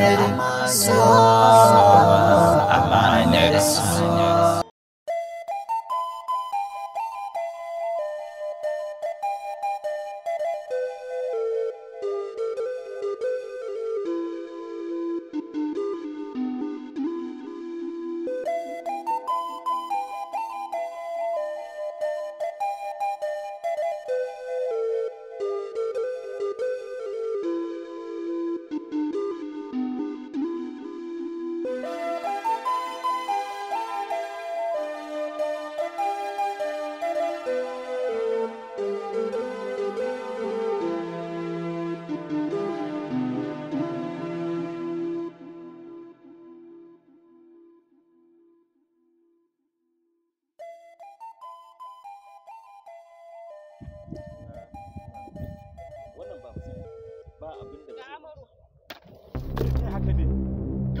amanet, so amanet.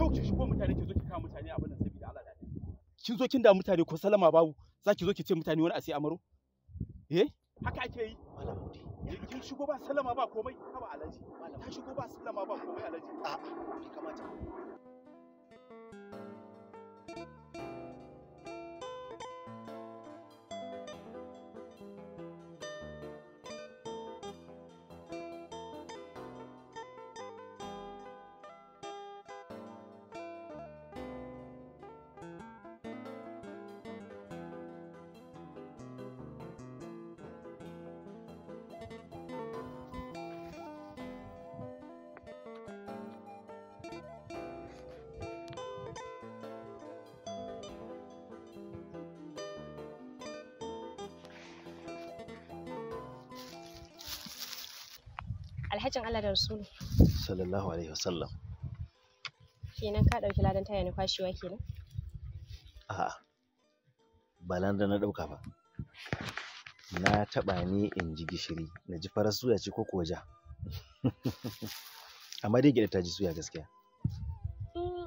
lokacin shigo mutane zo ki mutane abin nan saboda Allah kin zo kin da mutane ko salama babu za ki zo ki ce mutane wani asai amaro eh haka ake yi kin shigo ba salama ba komai ba alaji ta shigo ba salama ba komai alaji a'a kamata alhajin Allah da Rasulu sallallahu alaihi wasallam kenan ka ɗauki ladan taya ne kwashewa kenan a'a ba da na ɗauka ba na taɓa ne in ji gishiri na ji farar suya ce ko kuwa ja amma dai gida ta ji suya gaskiya mm,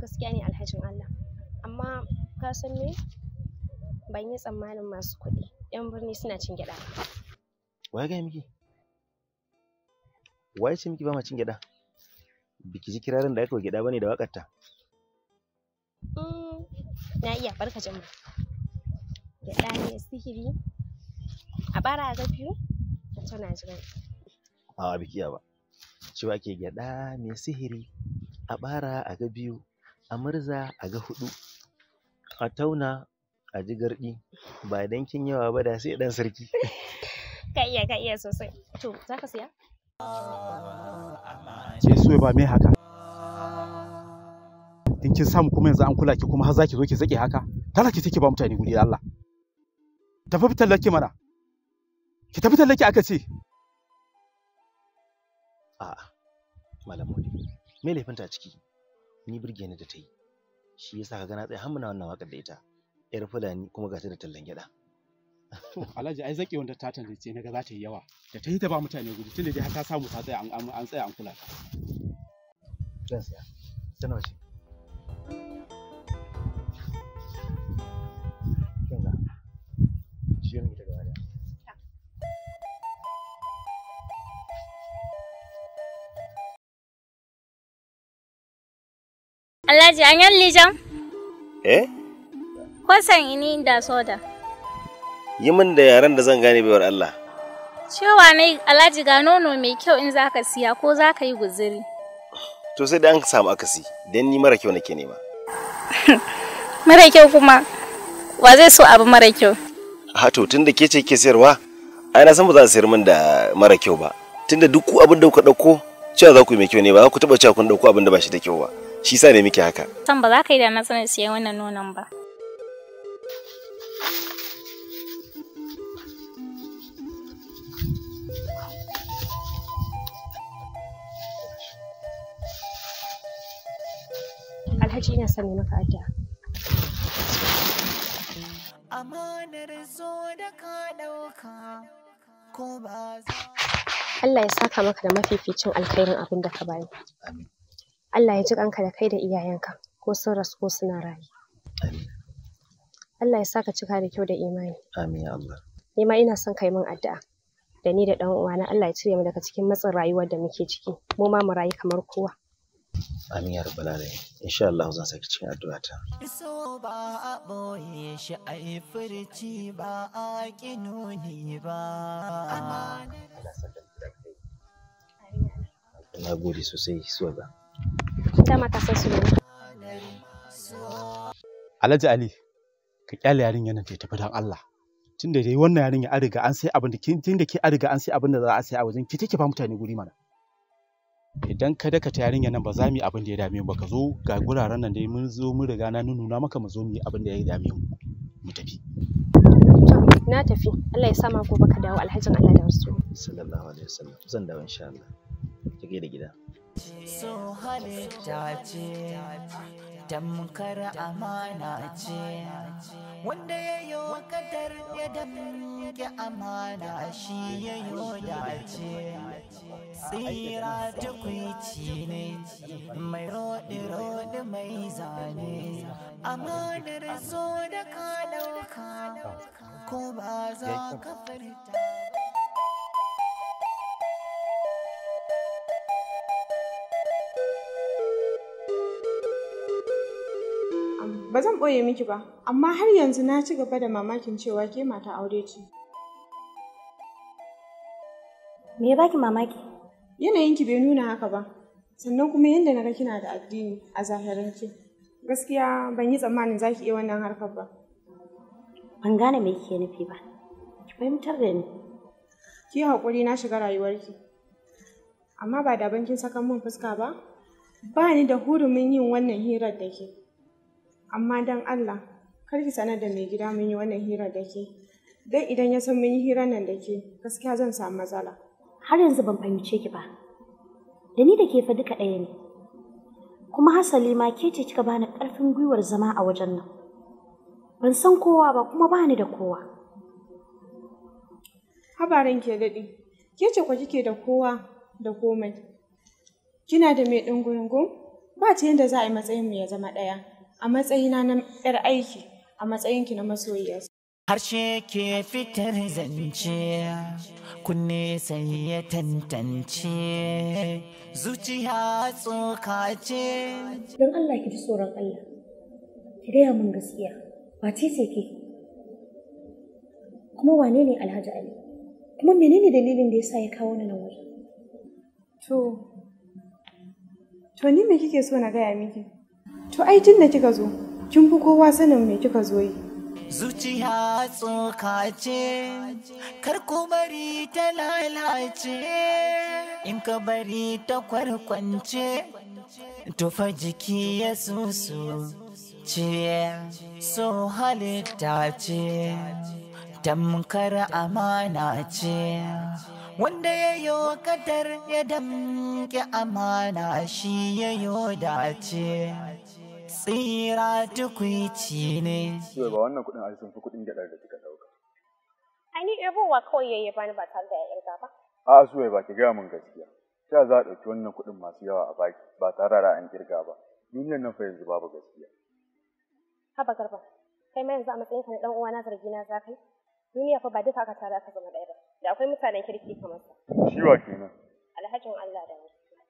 gaskiya ne alhajin Allah amma ka san me ban yi tsammanin masu kuɗi 'yan birni suna cin gyaɗa. Wa ya gaya miki? waye ce miki ba macin cin gyaɗa biki ji kirarin da aka gida bane da wakar ta mm, na iya barka jin gyaɗa ne sihiri a bara ga biyu tana jiran Ah biki ba ba ke gida mai sihiri a bara a ga biyu a murza a ga hudu a tauna a ji gardi ba dan kin yawa ba da sai dan sarki ka iya ka iya sosai to zaka siya ke so ba mai haka in kin samu kuma yanzu an kula ki kuma har zaki zo ki zake haka tana ki take ba mutane guri Allah tafi fitar laki mana ki tafi fitar laki aka ce a'a malam Modi me laifin ta ciki ni birge ni da ta yi shi yasa kaga na tsaya hammuna wannan waƙar da ita yar fulani kuma ga ta da tallan gyada to alhaji ai zake wanda ta tantance na ga za ta yi yawa da ta yi ta ba mutane gudu tunda dai har ta samu ta tsaya an tsaya an kula ta gaskiya tana Alhaji an yi lijan? Eh? Kwasan ini da soda. yi min da yaren da zan gane baiwar Allah cewa ne alhaji ga nono mai kyau in zaka siya ko zaka yi guziri to sai da an samu akasi don ni mara kyau nake nema mara kyau kuma wa zai so abu mara kyau ha to da ke ce ke sayarwa ai na san ba za a sayar min da mara kyau ba tun da duk abin da kuka ɗauko, cewa za ku yi mai kyau ne ba za ku taɓa cewa kun ɗauko abin da ba shi da kyau ba shi sa ne muke haka san ba za ka yi da na sanin siyan wannan nonon ba lokaci na son maka addu'a Allah ya saka maka da mafificin alkhairin abin da ka bani Allah ya ji kanka da kai da iyayenka ko sun rasu ko suna rayu. Allah ya saka cika da kyau da imani amin ina son kai min addu'a da ni da ɗan uwana Allah ya cire mu daga cikin matsin rayuwar da muke ciki mu ma mu rayu kamar kowa amin ya rabbal insha Allah zan saki cikin addu'a ta so ba a boye shi a yi furci ba a kinuni ba na gode sosai suwa ba ta mata ne Alhaji Ali ka kyale yarin nan ta tafi dan Allah tunda dai wannan yarinya ya riga an sai abin da kin tunda ke riga an sai abin da za a sai a wajen ki take ba mutane guri mana idan ka daka ta yarinya nan ba za mu yi abin da ya dame mu ba ka zo ga guraren nan dai mun zo mun riga na nuna maka mu zo mu yi abin da ya dame mu mu tafi na tafi Allah ya sa ma gobe ka dawo alhajin Allah da wasu sallallahu alaihi wasallam zan dawo insha Allah ki da gida so halitta ce Damkar amana ce wanda ya yi wa kadar ya damke amana shi ya yi dace tsira tukwici ne mai roɗi-roɗi mai zane amanar zo da ka ɗauka ko ba za ka furta Ba zan ɓoye miki ba, amma har yanzu na ci gaba da mamakin cewa ke mata aure ce. Me ya baki mamaki? Yanayinki bai nuna haka ba, sannan kuma yadda na ga kina da addini a zahirance. Gaskiya ban yi tsammanin za ki iya wannan harkar ba. Ban gane me kike nufi ba. Ki fahimtar da ni. Ki haƙuri na shiga rayuwarki. Amma ba da bankin sakan mun fuska ba, ba ni da hurumin yin wannan hirar da ke. amma don Allah kar ki sanar da mai gida mun yi wannan hira da ke don idan ya san mun yi hirar nan da ke gaskiya zan samu matsala. Har yanzu ban fahimce ki ba, da ni da ke fa duka ɗaya ne, kuma hasali ma ke ce kika bani ƙarfin gwiwar zama a wajen nan. Ban san kowa ba kuma bani da kowa. Habarin ke daɗi, ke ce kwa kike da kowa da komai. Kina da mai ɗungungun? Ba ta yadda za a yi mu ya zama ɗaya. a matsayina na 'yar aiki a matsayinki na masoyiya. Harshe ke fitar zance, kunne sai ya tantance, zuciya tsoka ce. Don Allah ki ji tsoron Allah, ki gaya min gaskiya, wace ce ke? Kuma wane ne Alhaji Ali? Kuma menene dalilin da ya sa ya kawo ni nan waje? To, to ni me kike so na gaya miki? To ai tun da kika zo, kin fi kowa sanin me kika zo yi. Zuciya tsoka ce, kar ku bari ta lalace, in ka bari ta kwarkwance, to fa jiki ya susu ce, so halitta ce, tamkar amana ce. wanda ya yi kadar ya damke amana shi ya yi dace tsira tukwici ne. Yau ba wannan kuɗin ai sun fi kuɗin gyaɗar da kika ɗauka. Ai ni ɗebowa kawai yayi bani ba tare da ya irga ba. A'a suwai ba ki gaya min gaskiya. Ta za a ɗauki wannan kuɗin masu yawa a baki ba tare da an kirga ba. Duniyar nan fa yanzu babu gaskiya. Haba garba, kai ma yanzu a matsayinka na ɗan uwa na zargi na za kai. Duniya fa ba duka aka tare aka zama ɗaya ba. da akwai mutanen kirki kamar sa shiwa kenan alhajin Allah da mutum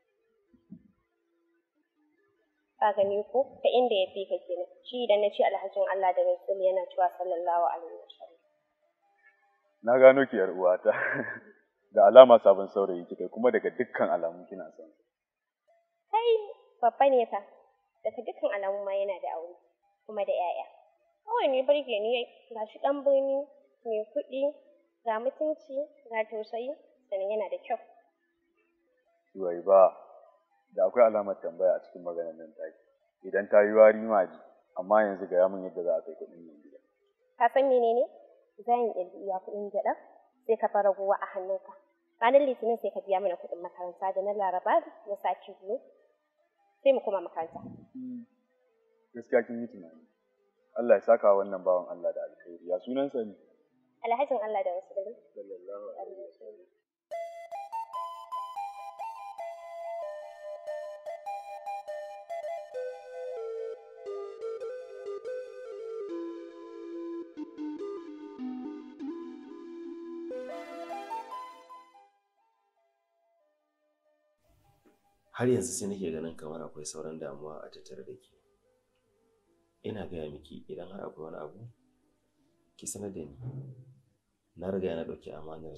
ka gani ko ta inda ya fi ka kenan shi idan na ce alhajin Allah da rasul yana cewa sallallahu alaihi wasallam na gano ki yar uwata da alama sabon saurayi kika kuma daga dukkan alamu kina son kai babba ne fa daga dukkan alamu ma yana da aure kuma da 'ya'ya kawai ne birge ni ga shi ɗan birni mai kuɗi ga mutunci ga tausayi sannan yana da kyau wai ba da akwai alamar tambaya a cikin maganar nan take idan ta yi wari ji amma yanzu ga yamin yadda za a kai kuɗin nan gida ka san menene in yi iya kuɗin gyaɗa sai ka fara guwa a hannunka ranar litinin sai ka biya mana kuɗin makaranta da na laraba na sati biyu sai mu koma makaranta hmm, gaskiya kin yi tunani Allah ya saka wannan bawan Allah da alkhairi ya sunansa ne alhajin Allah da wasu gari. har yanzu sai nake ganin kamar akwai sauran damuwa a tattare da ke ina gaya miki idan har akwai wani abu ki sanar da ni na riga na ɗauki amanar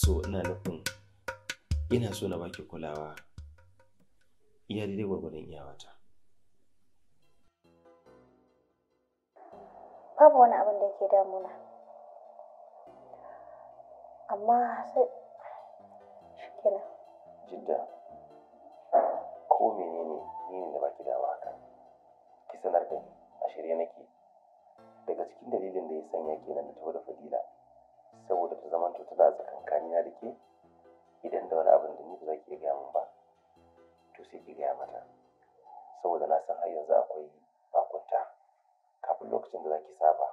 so ina nufin ina so na baki kulawa iya daidai gwargwadon iyawata babu wani abin da ke damuna amma sai shikina jidda ko menene ne ne da baki dawa haka ki sanar da ni a shirye nake daga cikin dalilin da ya sanya kenan na taho da fadila saboda ta zama to tana tsakankanina da ke idan da wani abin da ni ba za ki gaya min ba to sai ki gaya mata saboda na san har yanzu akwai bakunta kafin lokacin da za ki saba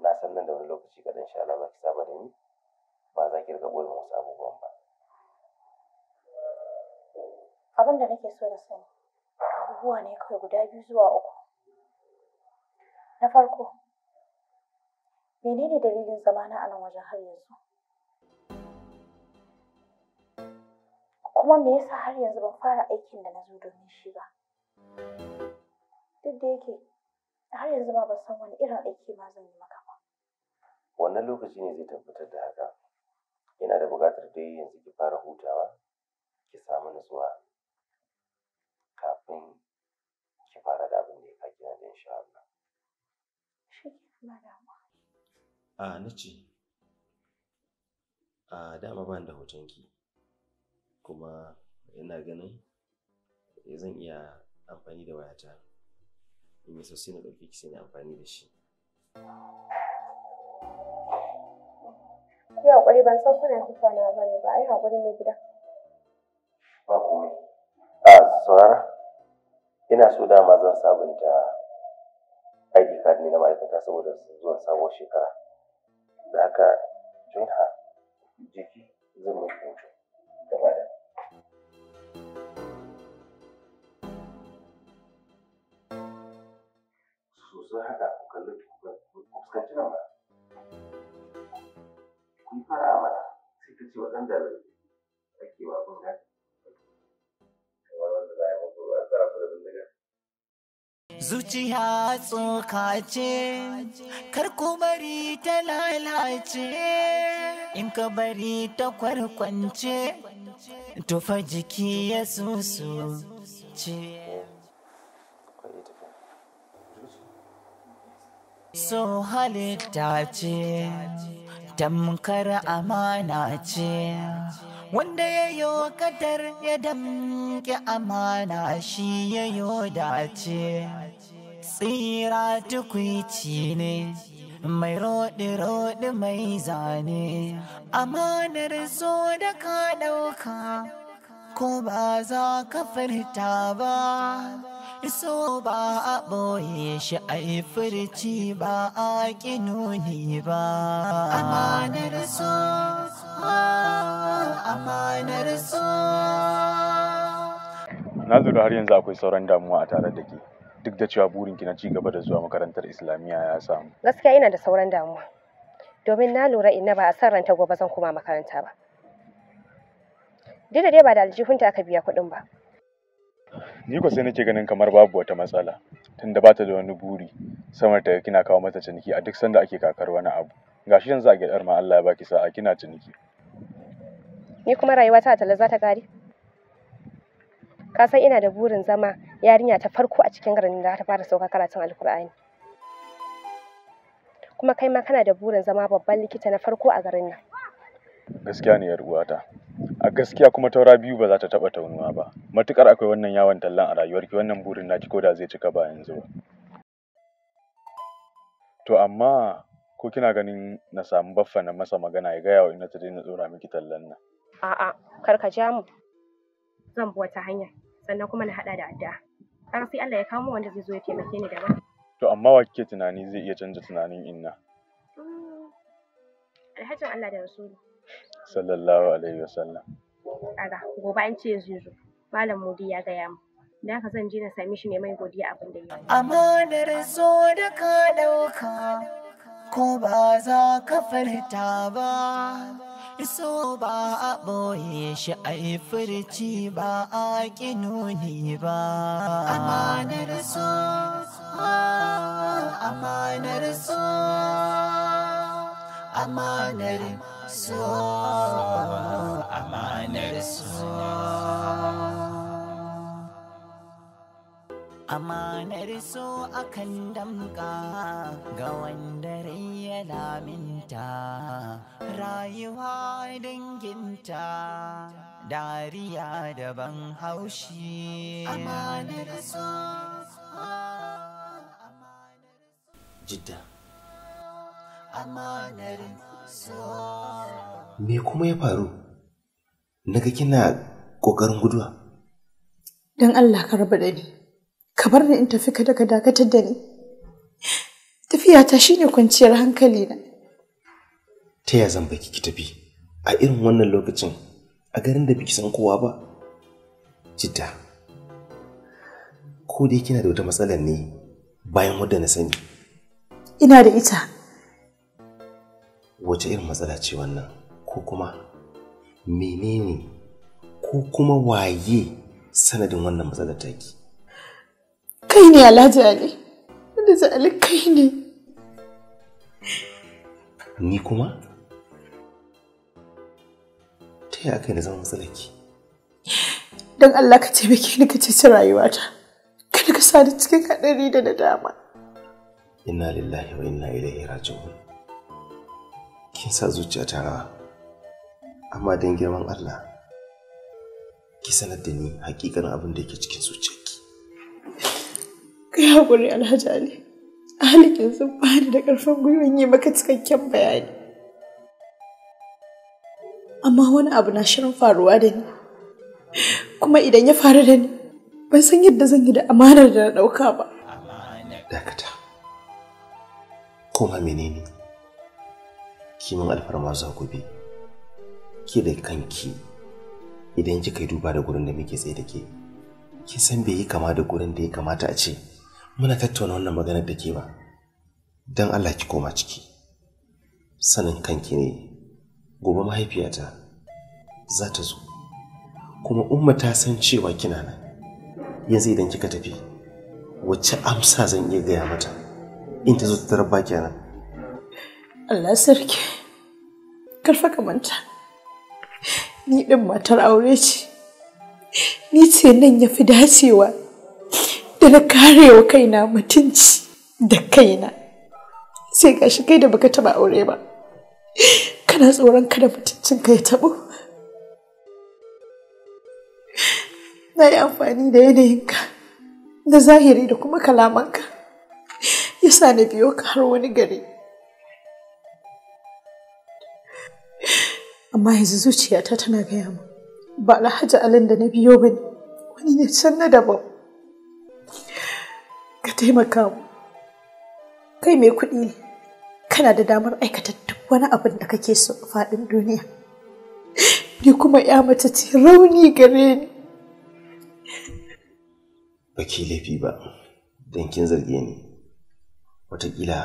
na san nan da wani lokaci kaɗan sha Allah za ki saba da ni ba za ki riga ɓoye wasu abubuwan ba. Abin da nake so da sani abubuwa ne kawai guda biyu zuwa uku Na farko, menene dalilin zamana a nan wajen har yanzu? Kuma me yasa har yanzu ban fara aikin da na zo domin shi ba? Duk da yake, har yanzu ma ban san wani irin aiki ma zan yi maka ba. Wannan lokaci ne zai tabbatar da haka. Yana da buƙatar dai yanzu ki fara hutawa, ki samu nutsuwa kafin A na ce, a dama ban da hotonki kuma ina ganin eh, zan iya amfani da wayata in yi sosai na ɗauke ki sai amfani da shi. Yau ƙwari ban san kuna kusa na ba ne ba, ai haƙuri mai gida. Ba komai. A saurara, ina so dama zan sabunta ID card ne na ma'aikata saboda zuwan sabuwar shekara. Da haka ha jiki zan mai hoto gaba da. Sosai haka ku kalli ku fuskanci nan ba. Kun fara amana sai ta ce waɗanda ake wa abin zuciya tsoka ce kar ku bari ta lalace in ka bari ta kwarkwance tufa jiki ya susu ce so halitta ce tamkar amana ce wanda ya yo kadar ya damke amana shi ya yi dace tsira tukwici ne mai roɗi-roɗi mai zane amanar zo da ka ɗauka ko ba za ka furta ba Iso ba a ɓoye shi a yi furci ba a ƙinoni ba. Amanar so, ah, amanar so. Na lura har yanzu akwai sauran damuwa a tare da ke duk da cewa burin ki na ci gaba da zuwa makarantar Islamiyya ya samu. Gaskiya ina da sauran damuwa. Domin na lura ina ba a san ranta gobe zan koma makaranta ba. Duk da dai ba da aljihunta aka biya kuɗin ba. ni ko sai nake ganin kamar babu wata matsala tunda ba ta da wani buri sama ta kina kawo mata ciniki a duk sanda ake kakar wani abu gashi yanzu a gidar ma Allah ya baki sa'a kina ciniki ni kuma rayuwa ta talla za ta kare ka san ina da burin zama yarinya ta farko a cikin garin da ta fara sauka karatun alkur'ani kuma kai ma kana da burin zama babban likita na farko a garin nan gaskiya ne yar uwata a gaskiya kuma taura biyu ba za ta taba taunuwa ba matukar akwai wannan yawon tallan a rayuwar ki, wannan burin naki ko da zai cika ba yanzu ba to amma ko kina ganin na samu baffa na masa magana ya gaya wa ina ta daina tsora miki tallan nan a'a kar ka ja mu zan bi wata hanya sannan kuma na hada da adda. har sai Allah ya kawo wanda zai zo ya taimake ni daban to amma wa kike tunani zai iya canza tunanin inna mm. alhajin Allah da rasulu sallallahu alaihi wasallam kaga gobe an ce zai zo malam mudi ya gaya mu da haka zan je na same shi ne mai godiya abin da ya yi amanar so da ka dauka ko ba za ka furta ba so ba a ɓoye shi a yi furci ba a ƙinoni ba amanar so ah, amanar so amanar so amanar so amanar so akan damka ga wanda rai ya laminta rayuwa danginta dariya daban haushi amanar so jidda Me kuma ya faru? Naga kina ƙoƙarin guduwa. Don Allah ka raba da ka bar ni in tafi ka daga dakatar da ni. tafiya Tafiyata shine kwanciyar hankali na. Ta ya zan baki ki tafi a irin wannan lokacin a garin da biki san kowa ba? Jidda, ko dai kina da wata matsalar ne bayan wadda na sani. Ina da ita. wace irin matsala ce wannan ko kuma menene ko kuma waye sanadin wannan matsalar taki kai ne alhaji ali da Ali kai ne ni kuma ta yi aka yi zama ki don allah ka taimake ni ka ceci rayuwata kada ka sa ni cikin haɗari da nadama inna lillahi wa inna ilaihi raji'un kin sa zuciya ta rawa amma don girman Allah ki sanar da ni hakikanin abin da yake cikin zuciyarki kai hakuri Alhaji Ali halikin sun bani da karfin gwiwan yi maka cikakken bayani amma wani abu na shirin faruwa da ni kuma idan ya faru da ni ban san yadda zan yi da amanar da na ɗauka ba dakata kuma menene Kiman alfarma za ku bi ki da kanki idan kika yi duba da gurin da muke tsaye da ke kin san bai yi kama da gurin da ya kamata a ce muna tattauna wannan maganar da ke ba don Allah ki koma ciki sanin kanki ne gobe mahaifiyata za ta zo kuma umma ta san cewa kina nan yanzu idan kika tafi wacce amsa zan iya gaya mata in ta zo ta tarar baki nan Allah sarki, karfa ka manta. Ni ɗin matar aure ce, ni ce nan ya fi dacewa da na karewa kaina mutunci da kaina. Sai gashi kai da baka taɓa aure ba, kana tsoron kada mutuncin ka ya taɓo? Na yi amfani da yanayin ka. Da zahiri da kuma kalamanka, yasa na biyo ka har wani gari. amma yanzu zuciyata tana gaya min ba alhaji alin da na biyo ba ne wani ne can na daban ka taimaka mu kai mai kuɗi ne kana da damar aikata duk wani abin da kake so a faɗin duniya ni kuma ya mace ce rauni gare ni ba ki laifi ba don kin zarge ni watakila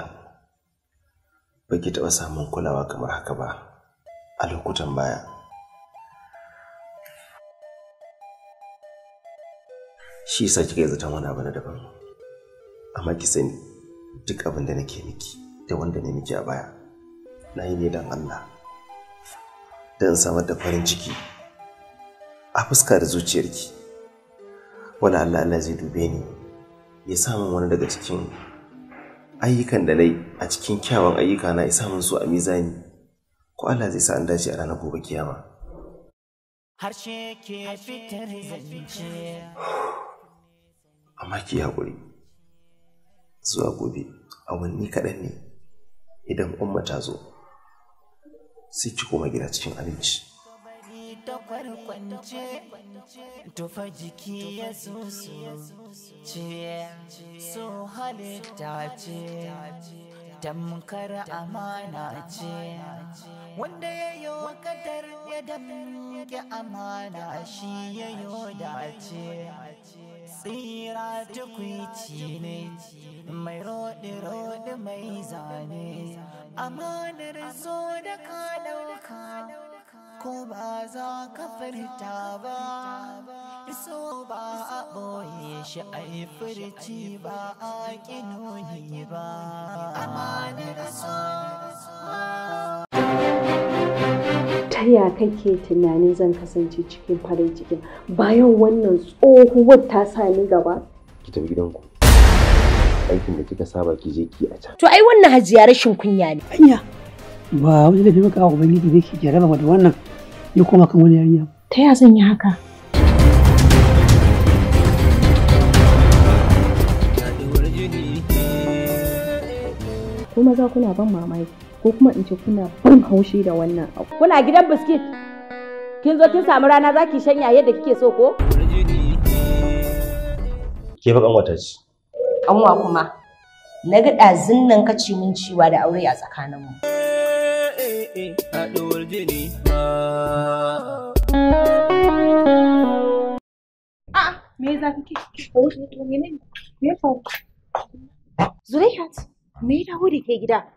ba ki taɓa samun kulawa kamar haka ba a lokutan baya shi sa kika yi zaton wani abu na daban amma ki sani duk abin da nake miki da wanda ne miki a baya na yi ne don Allah don samar da farin ciki a fuska da zuciyarki Wani Allah Allah zai dube ni ya samun wani daga cikin ayyukan da na a cikin kyawun ayyuka na ya samun su a mizani ko Allah zai sa an dace a ranar gobe kiyama harshe ke fitar zance amma ki haƙuri zuwa gobe awanni kaɗan ne idan umma ta zo sai ki koma gida cikin abinci ta kwarkwance tufa jiki ya zuzu ce so halitta ce tamkar amana ce wanda ya yi wa kadar ya damke amana shi ya yi dace tsira tukwici ne mai roɗi-roɗi mai zane amanar zo da ka dauka ko ba za ka furta ba so ba a ɓoye shi a yi furci ba a ƙinoni ba amanar so ta ya kake tunanin zan kasance cikin farin cikin bayan wannan tsohuwar ta sa ni gaba ki tafi gidanku aikin da kika saba ki je ki a can to ai wannan hajiya rashin kunya ne anya ba wani da maka a ubangiji ne ke jaraba da wannan ya koma kan wani yarinya ta ya zan yi haka kuma za kuna ban mamaki ko kuma in ce kuna ban haushi da wannan abu kuna gidan biskit kin zo kin samu rana za ki shanya yadda kike so ko ke fa kanwata ce kanwa kuma na ga ɗazin nan ka ci min ciwa da aure a tsakaninmu me za ke me ya dawo da ke gida?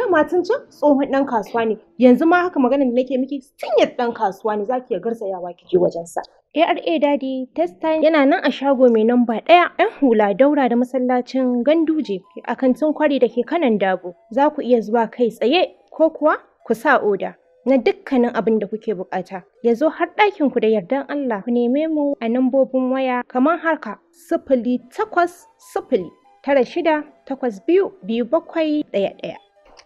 dama tun can tsohon dan kasuwa ne yanzu ma haka maganar da nake miki yadda dan kasuwa ne zaki ya garzayawa kike wajen sa ARA Daddy test time yana nan a shago mai namba ɗaya ‘yan hula daura da masallacin ganduje a kantin kwari da ke kanan dago za ku iya zuwa kai tsaye ko kuwa ku sa oda na dukkanin abin da kuke bukata ya zo har ɗakin ku da yardan Allah ku neme mu a nambobin waya kamar haka sifili takwas sifili tara shida takwas biyu biyu bakwai ɗaya ɗaya.